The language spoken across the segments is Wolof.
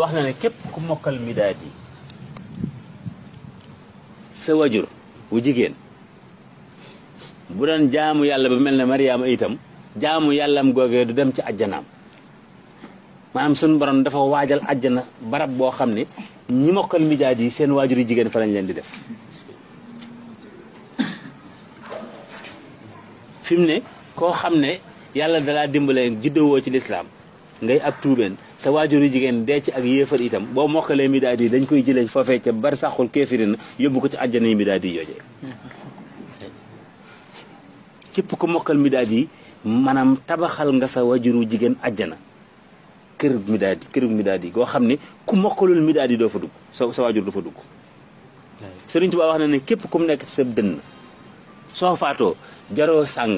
wax na ne képp ku mokkal midaad yi sa wajur wu jigéen bu doon jaamu yàlla ba mel ne Mariyaama itam jaamu yàlla yàllam googee du dem ci ajjanaam maanaam sun borom dafa waajal ajjana barab boo xam ne ñi mokkal midaad yi seen waajur yu jigéen fa lañ leen di def fi mu ne koo xam ne yàlla dalaa dimbale juddowoo ci lislaam ngay ab tuubeen sa wajuri jigen de ci ak yéefar itam boo mi midaadi dañ koy jëlee fofé ci bar saxul kéefirina yobbu ko ci aljana mi midaadi jooje kep ko mi manam tabaxal nga sa jigen jigéen àjjana kër midaadi kër mi goo go xamni ku mi midaadi do fa dug sa wajuru do fa dug serigne touba wax na ne kep kum nek sa deun so faato jaro sang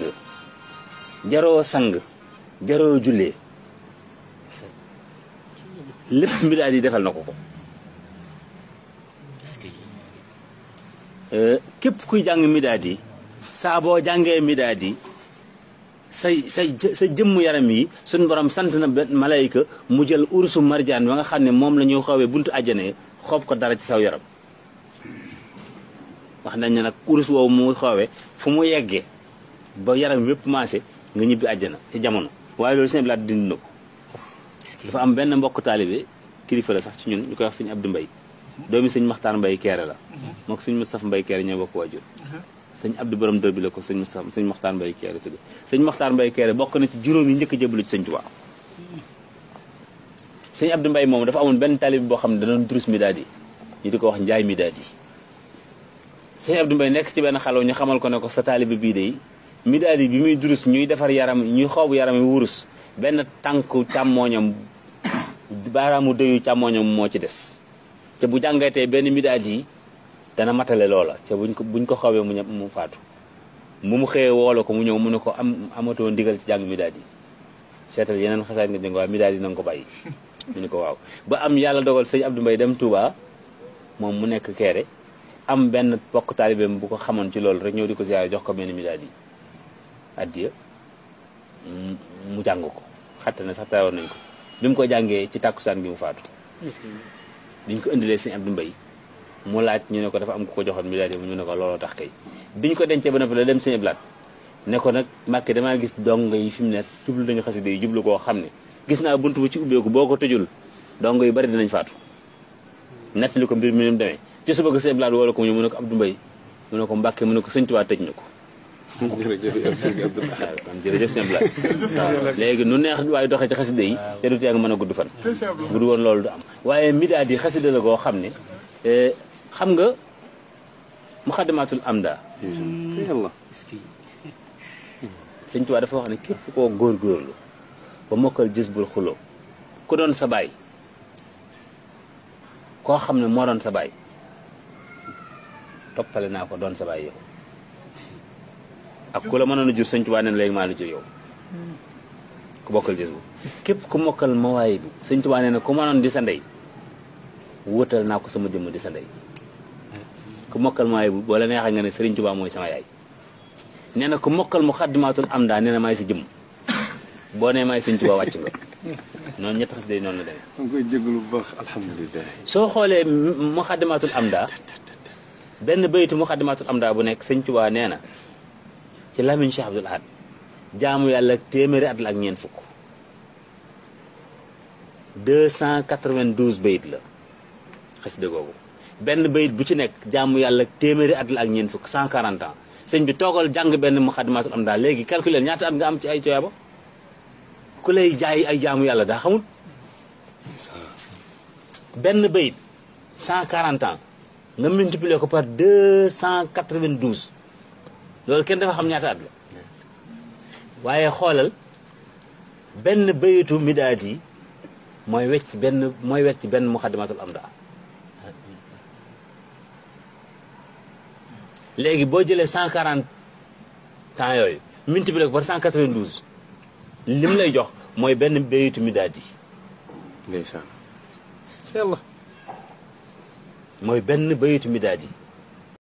jaro sang jaro lepp mbir adi defal nako ko euh kep kuy jàng midadi saa boo jàngee yarami say say sa jëm yaram yi sun borom sant na malaika mu jël ursu marjaan nga xam mom lañu xawé buntu aljane xop ko dara ci saw yaram wax nañ ne kurs wo mu xawé fu mu yeggé ba yaram yépp masé nga ñibi aljana ci jamono way lolu seen la dindi dafa am benn mbokk taalibe kilifa la sax ci ñun ñu koy wax sëñ Abdou Mbaye doomi sëñ Maxtaar Mbaye Keere la moo ko sëñ Moustapha Mbaye Keere ñoo bokk waajur sëñ Abdou borom dër bi la ko sëñ Moustapha sëñ Maxtaar Mbaye Keere tudd sëñ Maxtaar Mbaye Keere bokk na ci juróom yi njëkk a jébbalu ci sañ Tuubaa sëñ Abdou Mbaye moom dafa amoon benn taalibe boo xam ne danoon durus mi daal di ñu di ko wax njaay mi daal di sëñ Abdou Mbaye nekk ci benn xalaw ñu xamal ko ne ko sa taalibe bii de mi daal di muy ñuy defar yaram ñuy xoobu yaram wurus benn tànku càmmooñam baaraamu dëyu càmmoñam moo ci des te bu jàngatee benn midaad yi dana matale loola te buñ ko buñ ko xawee mu mu faatu mu mu xëyee woola ko mu ñëw mu ne ko am amatoo ndigal ci jàng midaad yi seetal yeneen xasaat nga jàng waaye midaad yi na ko bàyyi mu ne ko waaw ba am yàlla dogal sëñ Abdou Mbaye dem Touba moom mu nekk keere am benn bokk taalibeem bu ko xamoon ci loolu rek ñëw di ko ziyaare jox ko benn midaad yi addiya mu jàng ko xatte ne sax taawoon nañ ko bi mu ko jàngee ci tàkkusaan gi mu faatu bi ñu ko indilee sëñ Abdou mbay mu laaj ñu ne ko dafa am ku ko joxoon milliards yi ñu ne ko looloo tax kay bi ñu ko dencee ba noppi la dem sëñ Blaat ne ko nag Mbàkke damaa gis dongo yi fi mu ne jublu nañu xasida yi jublu koo xam ne gis naa bunt bu ci ubbeeku boo ko tëjul dongo yi bari dinañ faatu nettali ko mbir mi ni mu demee ci suba ko sëñ Blaat woo la ko mu ne ko mu ne ko Mbàkke mu ne ko sëñ Tuubaa na ko jërëjëf Abdou Lahad kon léegi nu neex waaye doxee ci xasida yi te du tee mën a gudd fan bu woon loolu du am waaye midaad yi xasida la goo xam ne eh, xam nga muxaddamaatul am yàlla sëñ Tuubaa dafa wax ne képp koo góorgóorlu ba mokkal gis bul xuloo ku doon sa baay koo xam ne moo doon sa baay toppale naa ko doon sa baay yow ak ku la mënoon a jur sëñ Tuubaa neen léegi maa la jur yow ku bokkal gis bu képp ku mokkal mawaay bi sëñ Tuubaa nee na ku mënoon di sa ndey ko sama jëmm di sa ndey ku mokkal mawaay bu boo la neexee nga ne sëriñ Tuubaa mooy sama yaay nee na ku mokkal mu xaddimaatul am daa nee na maay sa jëmm boo nee maay sëñ Tuubaa wàcc nga noonu ñett xas day noonu la demee. soo xoolee mu xaddimaatul am daa benn bayitu mu xaddimaatul am daa bu nekk sëñ Tuubaa nee na ci làmmiñ Cheikh Abdoul Ahad jaamu yàlla téeméeri at la ak ñeent fukk 292 bayit la xasida googu benn bayit bu ci nekk jaamu yàlla téeméeri at la ak ñeent fukk 140 ans sëñ bi toogal jàng benn muxadimatul am daal léegi calculer ñaata at nga am ci ay coyaaba ku lay jaay ay jaamu yàlla daa xamul benn bayit 140 ans nga multiplier ko par 292 loolu kenn dafa xam ñaata at la waaye xoolal benn bayitu midaat yi mooy wecc benn mooy wecc benn muxaddimatul amdaa léegi boo jëlee cent quarante temps yooyu multiplié ko par cent quatre-vingt-douze lim lay jox mooy benn bayitu midaat yi ndeysaan yàlla mooy benn bayitu midaat yi